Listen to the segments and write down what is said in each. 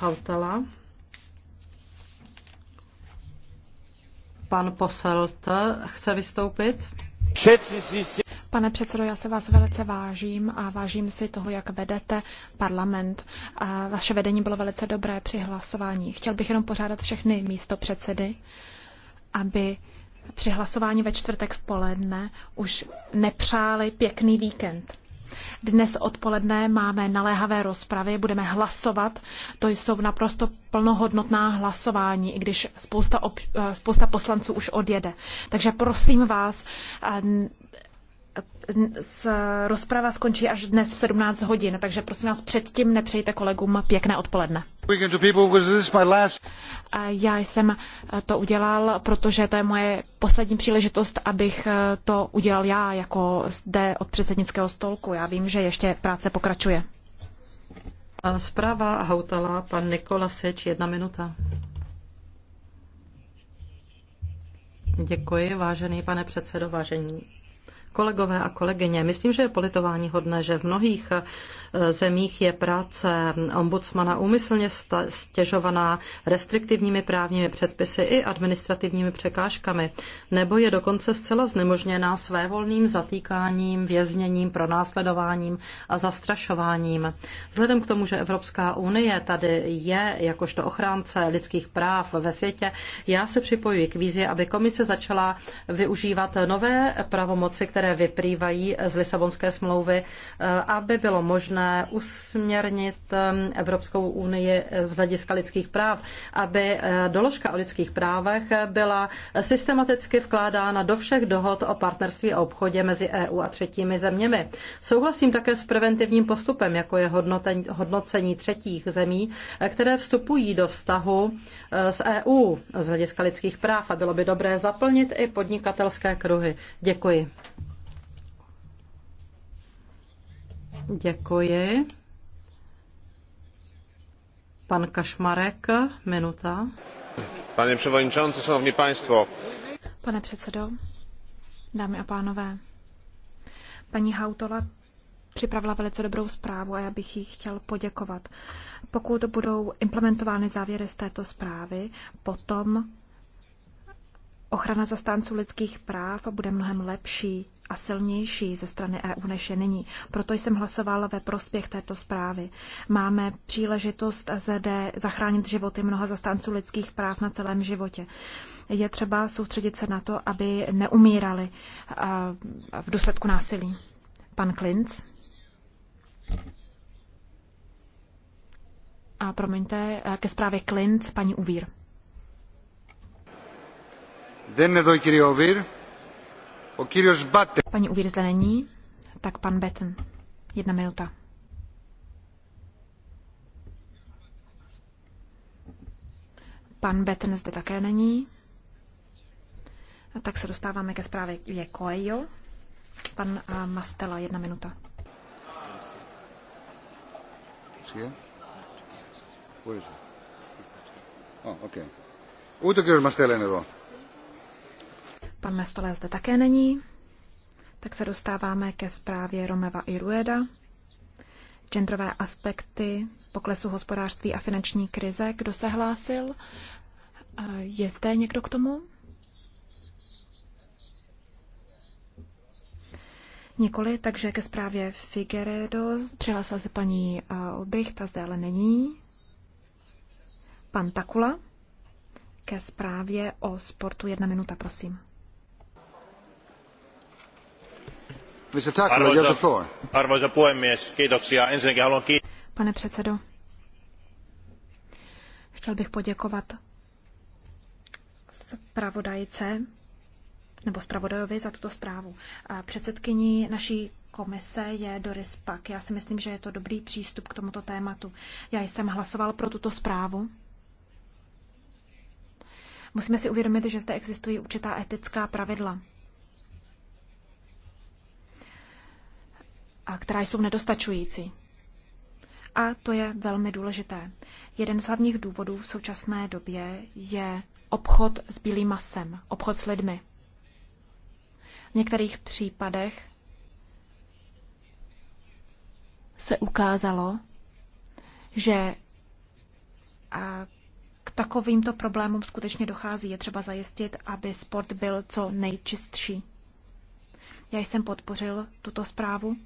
Hautala. Pan Poselt chce vystoupit. Pane předsedo, já se vás velice vážím a vážím si toho, jak vedete parlament. A vaše vedení bylo velice dobré při hlasování. Chtěl bych jenom pořádat všechny místo předsedy, aby při hlasování ve čtvrtek v poledne už nepřáli pěkný víkend. Dnes odpoledne máme naléhavé rozpravy, budeme hlasovat. To jsou naprosto plnohodnotná hlasování, i když spousta, ob, eh, spousta poslanců už odjede. Takže prosím vás, eh, rozprava skončí až dnes v 17 hodin, takže prosím vás předtím nepřejte kolegům pěkné odpoledne. Já jsem eh, to udělal, protože to je moje poslední příležitost, abych eh, to udělal já, jako zde od předsednického stolku. Já vím, že ještě práce pokračuje. Zpráva Hautala, pan Nikola Seč, jedna minuta. Děkuji, vážený pane předsedo, vážení Kolegové a kolegyně, myslím, že je politování hodné, že v mnohých eh, zemích je práce ombudsmana úmyslně stěžovaná restriktivními právními předpisy i administrativními překážkami, nebo je dokonce zcela znemožněná svévolným zatýkáním, vězněním, pronásledováním a zastrašováním. Vzhledem k tomu, že Evropská unie tady je jakožto ochránce lidských práv ve světě, já se připojuji k vízi, aby komise začala využívat nové pravomoci, které které vyprývají z Lisabonské smlouvy, eh, aby bylo možné usměrnit eh, Evropskou unii z hlediska lidských práv, aby eh, doložka o lidských právech byla systematicky vkládána do všech dohod o partnerství a obchodě mezi EU a třetími zeměmi. Souhlasím také s preventivním postupem, jako je hodnocení třetích zemí, které vstupují do vztahu s EU z hlediska lidských práv a bylo by dobré zaplnit i podnikatelské kruhy. Děkuji. Děkuji. Pan Kašmarek, minuta. Pane předsedající, šanovní pánstvo. Pane předsedo, dámy a pánové, paní Hautola připravila velice dobrou zprávu a já bych jí chtěl poděkovat. Pokud budou implementovány závěry z této zprávy, potom ochrana zastánců lidských práv bude mnohem lepší a silnější ze strany EU než je nyní. Proto jsem hlasovala ve prospěch této zprávy. Máme příležitost zde zachránit životy mnoha zastánců lidských práv na celém životě. Je třeba soustředit se na to, aby neumírali v důsledku násilí. Pan Klinc. A promiňte, ke zprávě Klinc, paní Uvír. Δεν είναι εδώ Paní Uvír zde není, tak pan Betten. Jedna minuta. Pan Betten zde také není. A tak se dostáváme ke zprávě je Coelho. Pan Mastela, jedna minuta. Ούτε ο κύριος Μαστέλα είναι εδώ. Pan Mestole zde také není. Tak se dostáváme ke zprávě Romeva i Rueda. Genderové aspekty poklesu hospodářství a finanční krize. Kdo se hlásil? Je zde někdo k tomu? Nikoli, takže ke zprávě Figueredo přihlásila se paní eh, Olbrich, ta zde ale není. Pan Takula ke zprávě o sportu. Jedna minuta, prosím. arvoisa puhemies kiitoksia. ensinnäkin haluan kiittää. pane předsedo chtěl bych poděkovat zpravodajce nebo zpravodajovi za tuto zprávu. Předsedkyní naší komise je Doris Pak. Já si myslím, že je to dobrý přístup k tomuto tématu. Já jsem hlasoval pro tuto zprávu. Musíme si uvědomit, že zde existují určitá etická pravidla. a která jsou nedostačující. A to je velmi důležité. Jeden z hlavních důvodů v současné době je obchod s bílým masem, obchod s lidmi. V některých případech se ukázalo, že a k takovýmto problémům skutečně dochází. Je třeba zajistit, aby sport byl co nejčistší. Já jsem podpořil tuto zprávu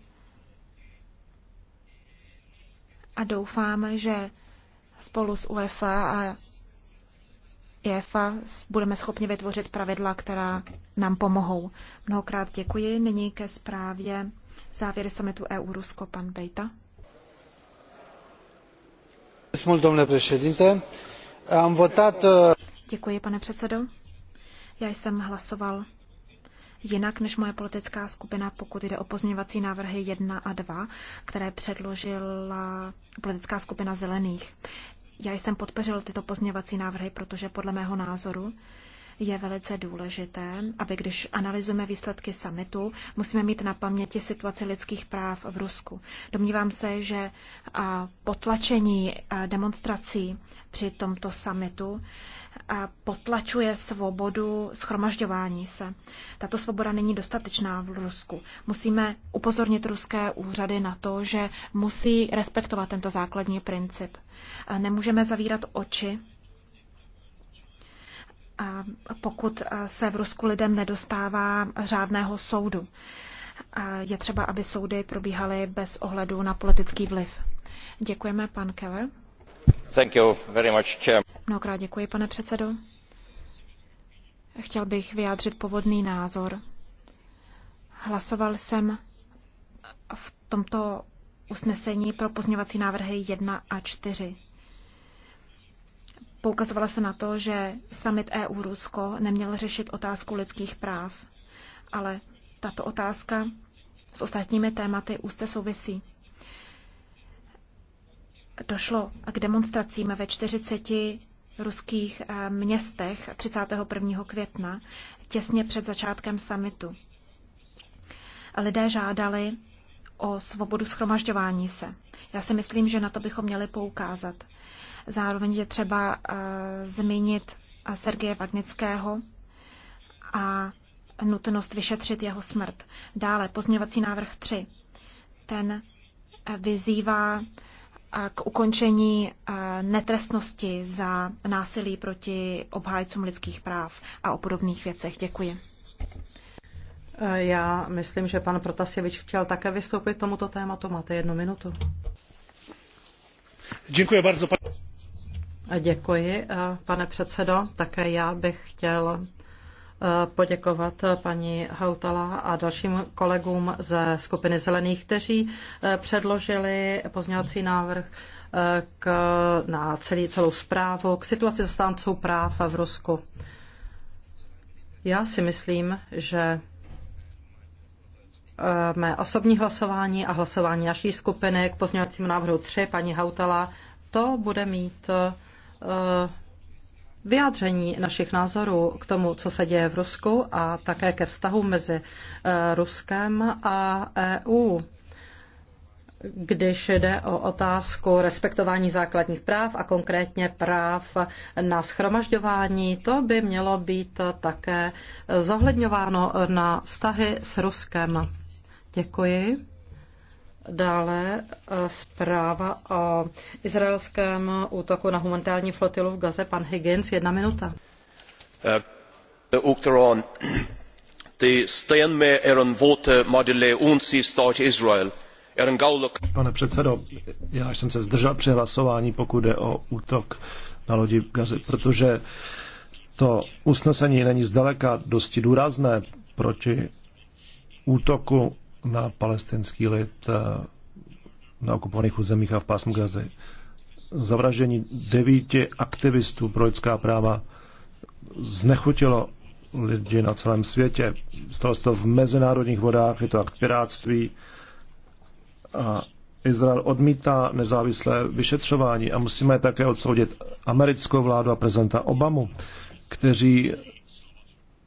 a doufám, že spolu s UEFA a EFA budeme schopni vytvořit pravidla, která nám pomohou. Mnohokrát děkuji. Nyní ke zprávě závěry summitu EU Rusko, pan Bejta. Uh, děkuji, pane předsedo. Já jsem hlasoval jinak než moje politická skupina, pokud jde o pozměňovací návrhy 1 a 2, které předložila politická skupina zelených. Já jsem podpořil tyto pozměňovací návrhy, protože podle mého názoru je velice důležité, aby když analyzujeme výsledky summitu, musíme mít na paměti situaci lidských práv v Rusku. Domnívám se, že potlačení demonstrací při tomto summitu potlačuje svobodu schromažďování se. Tato svoboda není dostatečná v Rusku. Musíme upozornit ruské úřady na to, že musí respektovat tento základní princip. Nemůžeme zavírat oči, pokud se v Rusku lidem nedostává řádného soudu. Je třeba, aby soudy probíhaly bez ohledu na politický vliv. Děkujeme, pan Keller. Thank you very much, chair. Mnohokrát děkuji, pane předsedo. Chtěl bych vyjádřit povodný názor. Hlasoval jsem v tomto usnesení pro pozměňovací návrhy 1 a 4. Poukazovala se na to, že summit EU-Rusko neměl řešit otázku lidských práv, ale tato otázka s ostatními tématy úzce souvisí. Došlo k demonstracím ve 40 ruských eh, městech 31. května, těsně před začátkem samitu. Lidé žádali o svobodu schromažďování se. Já si myslím, že na to bychom měli poukázat. Zároveň je třeba uh, zmínit eh, Sergeje Vagnického a nutnost vyšetřit jeho smrt. Dále pozměňovací návrh 3. Ten vyzývá k ukončení eh, netrestnosti za násilí proti obhájcům lidských práv a o podobných věcech. Děkuji. Eh, já myslím, že pan Protasěvič chtěl také vystoupit k tomuto tématu. Máte jednu minutu. Děkuji bardzo. Pan... Eh, děkuji, pane předsedo. Také já bych chtěl poděkovat paní Hautala a dalším kolegům ze skupiny Zelených, kteří eh, předložili pozněvací návrh eh, k, na celý, celou zprávu k situaci zastánců práv v Rusku. Já si myslím, že eh, mé osobní hlasování a hlasování naší skupiny k pozměňovacímu návrhu 3 paní Hautala, to bude mít vyjádření našich názorů k tomu, co se děje v Rusku a také ke vztahu mezi eh, Ruskem a EU. Když jde o otázku respektování základních práv a konkrétně práv na schromažďování, to by mělo být také zohledňováno na vztahy s Ruskem. Děkuji. Dále eh, zpráva o izraelském útoku na humanitární flotilu v Gaze. Pan Higgins, jedna minuta. Eh, eh, Uachtarán. Ty stéanme ar er an vóta modile stát Izrael. Er Pane předsedo, já jsem se zdržel při hlasování, pokud jde o útok na lodi v Gaze, protože to usnesení není zdaleka dosti důrazné proti útoku na palestinský lid eh, na okupovaných územích a v pásmu Gazy. Zavraždění devíti aktivistů pro lidská práva znechutilo lidi na celém světě. Stalo se to v mezinárodních vodách, je to akt piráctví. A Izrael odmítá nezávislé vyšetřování a musíme také odsoudit americkou vládu a prezidenta Obamu, kteří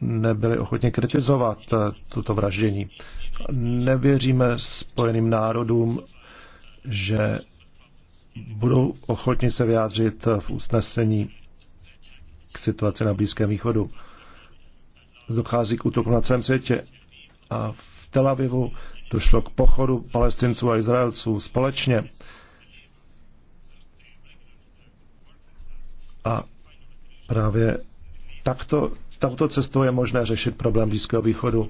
nebyli ochotně kritizovat eh, tuto vraždění. Nevěříme spojeným národům, že budou ochotni se vyjádřit v usnesení k situaci na Blízkém východu. Dochází k útoku na celém světě a v Tel Avivu došlo k pochodu palestinců a Izraelců společně. A právě takto, touto cestou je možné řešit problém Blízkého východu.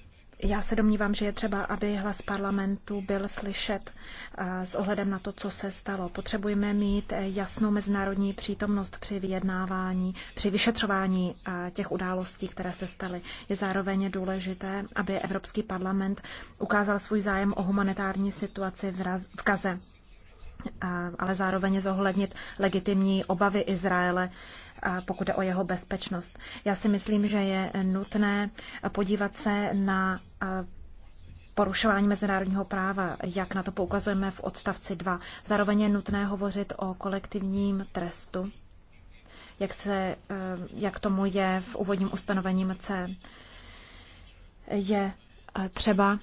Já se domnívám, že je třeba, aby hlas parlamentu byl slyšet eh, s ohledem na to, co se stalo. Potřebujeme mít eh, jasnou mezinárodní přítomnost při vyjednávání, při vyšetřování eh, těch událostí, které se staly. Je zároveň důležité, aby Evropský parlament ukázal svůj zájem o humanitární situaci v Gaze, ale zároveň zohlednit legitimní obavy Izraele pokud jde o jeho bezpečnost. Já si myslím, že je nutné podívat se na porušování mezinárodního práva, jak na to poukazujeme v odstavci 2. Zároveň je nutné hovořit o kolektivním trestu, jak, se, e, jak tomu je v úvodním ustanovením C. Je e, třeba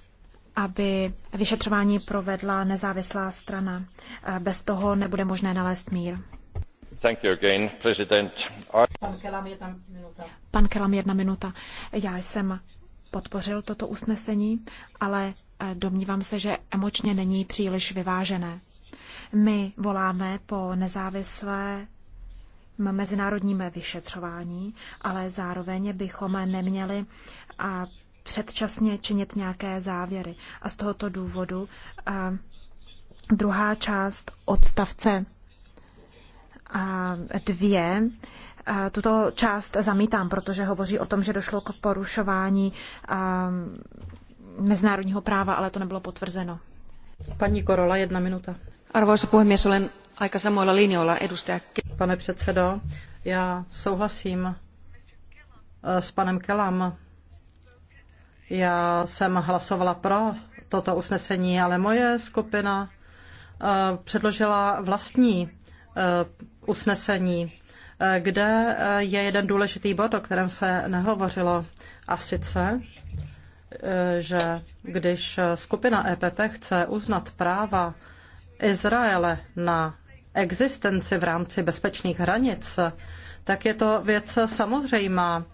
aby vyšetřování provedla nezávislá strana. E, bez toho nebude možné nalézt mír. Pan, Kelam, jedna minuta. Já jsem podpořil toto usnesení, ale eh, domnívám se, že emočně není příliš vyvážené. My voláme po nezávislé mezinárodním vyšetřování, ale zároveň bychom neměli předčasně činit nějaké závěry. A z tohoto důvodu eh, druhá část odstavce dvě tuto část zamítám, protože hovoří o tom, že došlo k porušování um, mezinárodního práva, ale to nebylo potvrzeno. Paní Korola, jedna minuta. Arvoisa puhemies, olen aika samoilla linjoilla edustaja... Pane předsedo, já souhlasím uh, s panem Kelam. Já jsem hlasovala pro toto usnesení, ale moje skupina uh, předložila vlastní Eh, usnesení, eh, kde eh, je jeden důležitý bod, o kterém se nehovořilo, a sice, že když skupina EPP chce uznat práva Izraele na existenci v rámci bezpečných hranic, tak je to věc samozřejmá.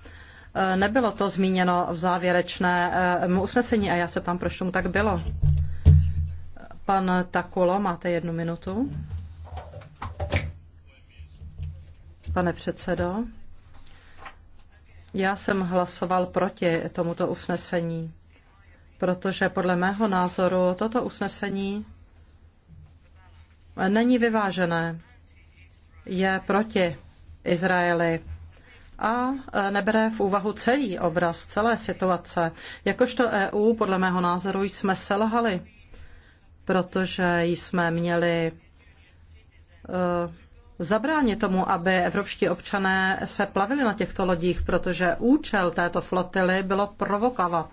Nebylo to zmíněno v závěrečném usnesení a já se tam proč tomu tak bylo. Pan Takulo, máte jednu minutu. pane předsedo. Já jsem hlasoval proti tomuto usnesení, protože podle mého názoru toto usnesení není vyvážené, je proti Izraeli a nebere v úvahu celý obraz, celé situace. Jakožto EU, podle mého názoru, jsme selhali, protože jsme měli eh, zabránit tomu, aby evropští občané se plavili na těchto lodích, protože účel této flotily bylo provokovat.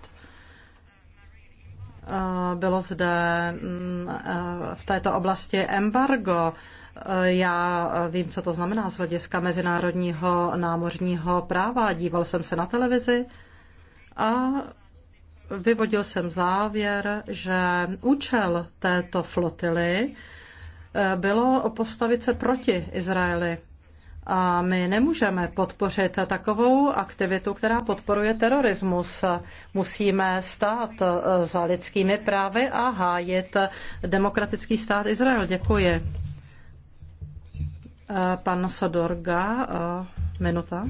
Eh, bylo zde mm, eh, v této oblasti embargo. Eh, já vím, co to znamená z hlediska mezinárodního námořního práva. Díval jsem se na televizi a vyvodil jsem závěr, že účel této flotily Eh, bylo postavit se proti Izraeli. A my nemůžeme podpořit takovou aktivitu, která podporuje terorismus. Musíme stát eh, za lidskými právy a hájit demokratický stát Izrael. Děkuji. Eh, pan Sodorga, minuta.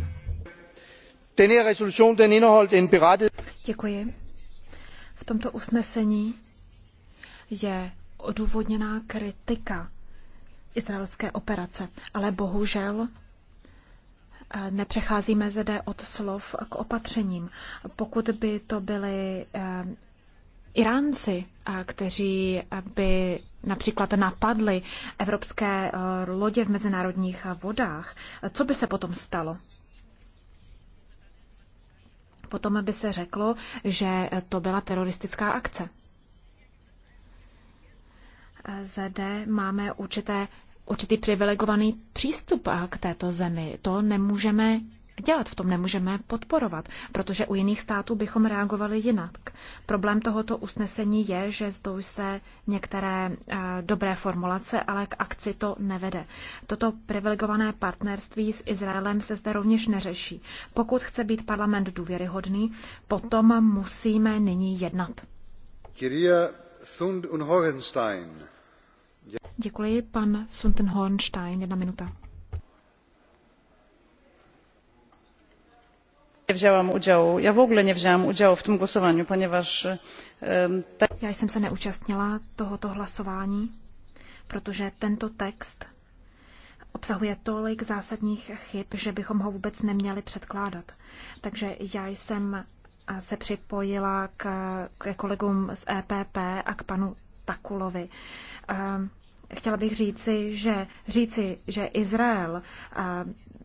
Děkuji. V tomto usnesení je odůvodněná kritika izraelské operace. Ale bohužel eh, nepřecházíme zde od slov k opatřením. Pokud by to byly eh, Iránci, eh, kteří by například napadli evropské lodě v mezinárodních vodách, co by se potom stalo? Potom by se řeklo, že to byla teroristická akce zde máme určité, určitý privilegovaný přístup eh, k této zemi. To nemůžeme dělat, v tom nemůžeme podporovat, protože u jiných států bychom reagovali jinak. Problém tohoto usnesení je, že zdou se některé eh, dobré formulace, ale k akci to nevede. Toto privilegované partnerství s Izraelem se zde rovněž neřeší. Pokud chce být parlament důvěryhodný, potom musíme nyní jednat. Kyria Sund und Hohenstein. Děkuji, pan Sunden Hornstein, jedna minuta. nie wzięłam udziału ja w ogóle nie wzięłam udziału w tym głosowaniu Já jsem se neúčastnila tohoto hlasování, protože tento text obsahuje tolik zásadních chyb, že bychom ho vůbec neměli předkládat. Takže já jsem se připojila k, k kolegům z EPP a k panu Takulovi. Chtěla bych říci, že říci, že Izrael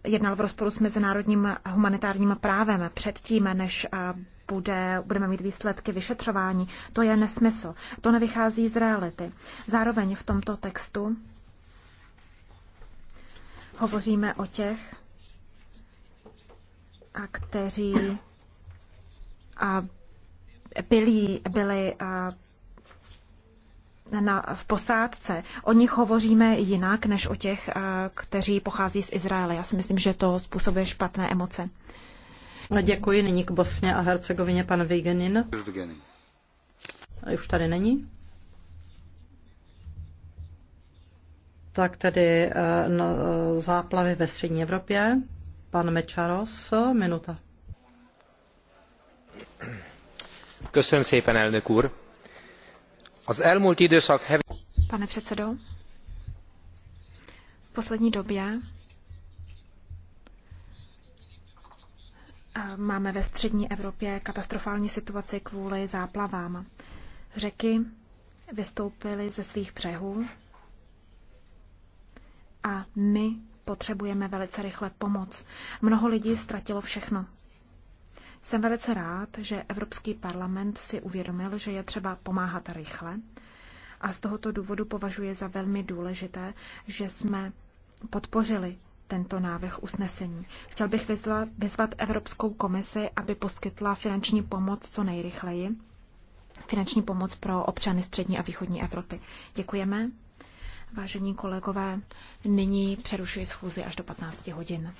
jednal v rozporu s mezinárodním humanitárním právem předtím, než bude, budeme mít výsledky vyšetřování, to je nesmysl. To nevychází z reality. Zároveň v tomto textu hovoříme o těch, a kteří byli, byli na, v posádce, o nich hovoříme jinak než o těch, kteří pochází z Izraele. Já si myslím, že to způsobuje špatné emoce. No, děkuji. Nyní k Bosně a Hercegovině pan Vigenin. Už tady není? Tak tedy eh, no, eh, záplavy ve střední Evropě. Pan Mečaros, minuta. Pane předsedo, v poslední době eh, máme ve střední Evropě katastrofální situaci kvůli záplavám. Řeky vystoupily ze svých břehů a my potřebujeme velice rychle pomoc. Mnoho lidí ztratilo všechno. Jsem velice rád, že Evropský parlament si uvědomil, že je třeba pomáhat rychle a z tohoto důvodu považuje za velmi důležité, že jsme podpořili tento návrh usnesení. Chtěl bych vyzvat, vyzvat Evropskou komisi, aby poskytla finanční pomoc co nejrychleji. Finanční pomoc pro občany střední a východní Evropy. Děkujeme. Vážení kolegové, nyní přerušuji schůzi až do 15 hodin.